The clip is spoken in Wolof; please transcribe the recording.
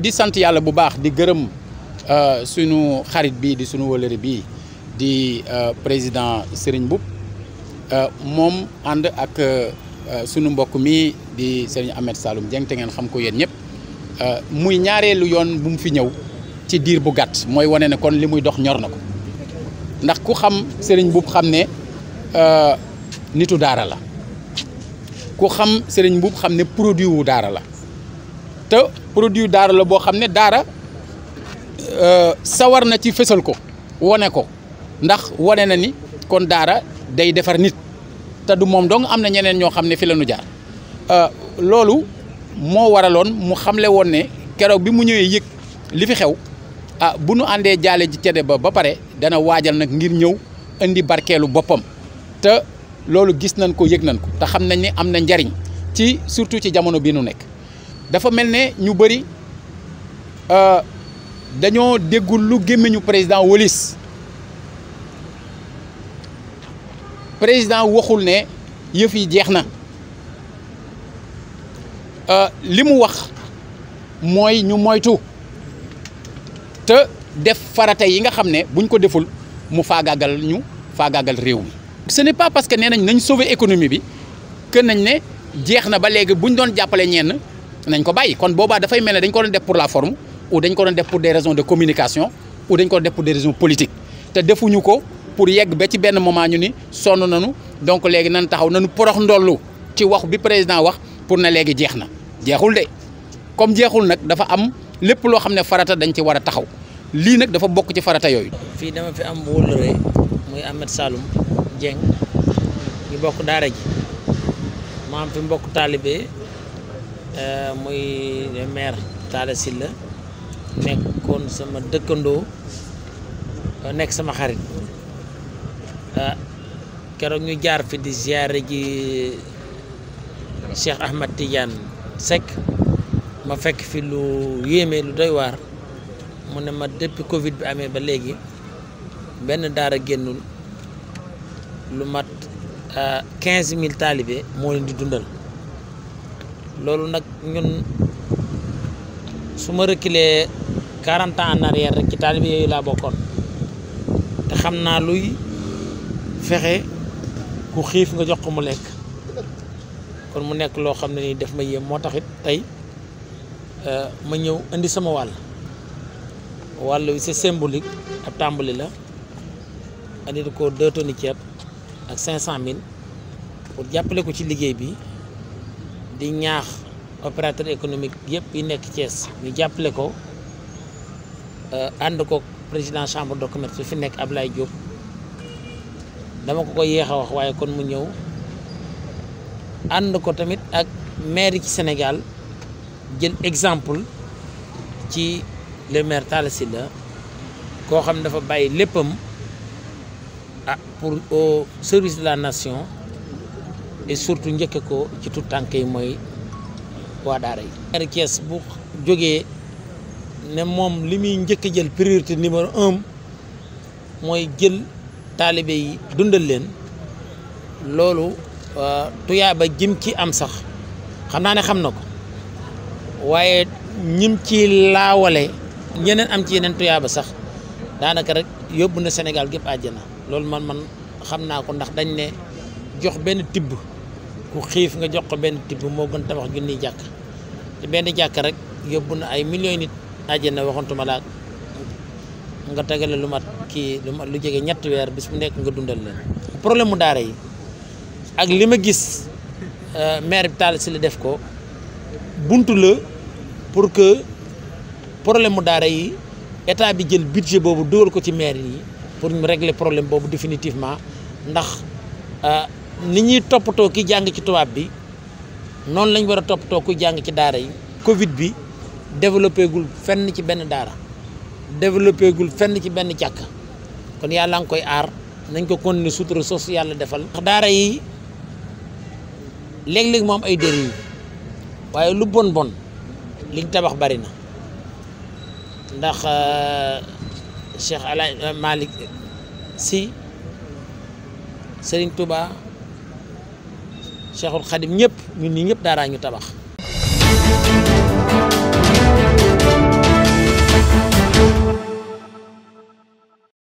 di sant yalla bu baax di euh sunu xarit bi di sunu wëlëri bi di euh, président Serigne Mboup euh, mom and ak euh, sunu mbokk mi di Serigne Ahmed Saloum jeng te ngeen xam ko ñep euh muy ñaareelu yoon bu mu fi ñew ci dir bu gatt moy woné ne kon limuy dox ñor nako ndax ku xam Serigne bou xam ne nitu darala, la ku xam Serigne bou xam ne produit wu dara la te produit daara la boo xam ne daara euh, sawar na ci fësal ko wone ko ndax wone na ni kon daara day defar nit te du moom dong am na ñeneen ñoo xam ne fi la ñu jaar euh, loolu mo waraloon mu xamle woon ne bi mu ñëwee yëg li fi xew ah ba ba pare dana wajal nag ngir ñëw indi barkeelu bopam, te lolu gis nañ ko yëg nañ ko te xam nañ ne njariñ ci surtout ci jamono bi nu dafa mel ne ñu euh dañoo déggul lu gémmiñu président Wolis président waxul né yëf yi jeexna euh limu wax moy ñu moytu te def farata yi nga xamné buñ ko deful mu faagaagal ñu faagaagal réew mi. ce n'est pas parce que nee nañ sauver économie bi que nañ né jeexna ba légui buñ doon jappalé ñenn nañ ko bàyyi kon boobaa dafay mel ne dañ ko doon def pour la forme ou dañ ko doon def pour des raisons de communication ou dañ ko doon def pour des raisons politiques te defuñu ko pour yegg ba ci benn moment ñu ni sonn nañu donc léegi nan taxaw nañu porox ndollu ci wax bi président wax pour na léegi jeex na jeexul de comme jeexul nag dafa am lépp loo xam ne farata dañ ci war a taxaw lii nag dafa bokk ci farata yooyu. fii dama fi am wóllëre muy Ahmed Saloum Dieng ñu bokk daara ji ma fi mbokk taalibe Eh, muy maire Talla Sylla nekkoon sama dekkando eh, nek sama xarit eh, kéro ñu jaar fi di ziaré gi Cheikh Ahmad Tidiane Seck ma fekk fi lu yéme lu doy war mu ne ma depuis Covid bi amé ba légui ben daara gennul lu mat quinze mille taalibe leen di dundal loolu nak ñun suma reculé 40 ans en arrière rek ci taalibe yooyu la bokkon te xamna luy fexé ku xif nga jox ko mu lek kon mu nek lo xam ni def ma yé moo taxit euh ma ñew andi sama wal wàll wi c'est symbolique ab tambali la andi ko 2 tonnes ceeb ak 500000 pour jappelé ko ci liggéey bi di ñaax opérateur économique yépp yi nekk Thiès ñu jàppale ko euh, ànd ko président chambre de commerce fi nekk Ablaye Diop dama ko ko yéex a wax waaye kon mu ñëw ànd ko tamit ak maire ci Sénégal jël exemple ci le maire Talla Sylla koo xam dafa bàyyi léppam ah pour au service de la nation surtout njëkk ko ci tout tànk yi mooy waa daara yi maire Thiès bu jógee ne moom li muy njëkk jël priorité numéro un mooy jël taalibe yi dundal leen loolu euh, tuyaaba jim ci am sax xam naa ne xam na ko waaye ñim ci laawale ñeneen am ci yeneen tuyaaba sax daanaka rek yóbbu na Sénégal gépp àjjana loolu man man xam naa ko ndax dañ ne jox ben tib ku xif nga jox ko ben tib mo gën tabax junniy jakk te ben jakk rek yóbbu na ay million nit aljana waxantuma la nga tegale lu mat ki lu mat lu jégué ñett wër bis bu nekk nga dundal leen. problème mu daara yi ak lima gis euh maire bi tal ci la def ko buntu le pour que problème mu daara yi état bi jël budget bobu dool ko ci maire yi pour ñu régler problème bobu définitivement ndax. Euh, ni ñuy toppatoo ki jàng ci tubaab bi noonu lañ war a toppatoo ku jàng ci daara yi covid bi développé fenn ci benn daara développé fenn ci benn càkk kon yàlla nga koy aar nañ ko ni sutura sos yàlla defal daara yi léeg-léeg moom ay dérive waaye lu bon bon liñ tabax bari na ndax euh, Cheikh Alaaji euh, Malick Sy Serigne Touba Cheikhul Khadim ñëpp ñu ñi ñëpp daaraa ñu tabax